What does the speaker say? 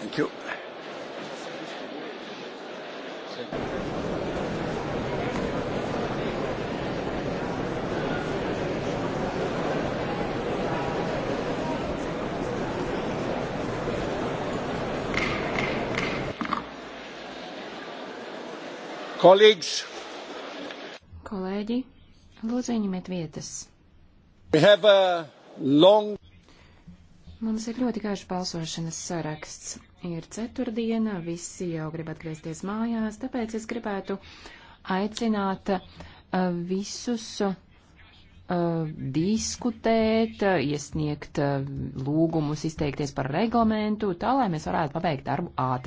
Thank you. Kolēģis. Kolēģi, lūdzu, ieņemiet vietas. Long... Mums ir ļoti garš balsošanas saraksts. Ir ceturtdiena, visi jau grib atgriezties mājās, tāpēc es gribētu aicināt uh, visus uh, diskutēt, uh, iesniegt lūgumus, izteikties par reglamentu, tā lai mēs varētu pabeigt darbu ātrāk.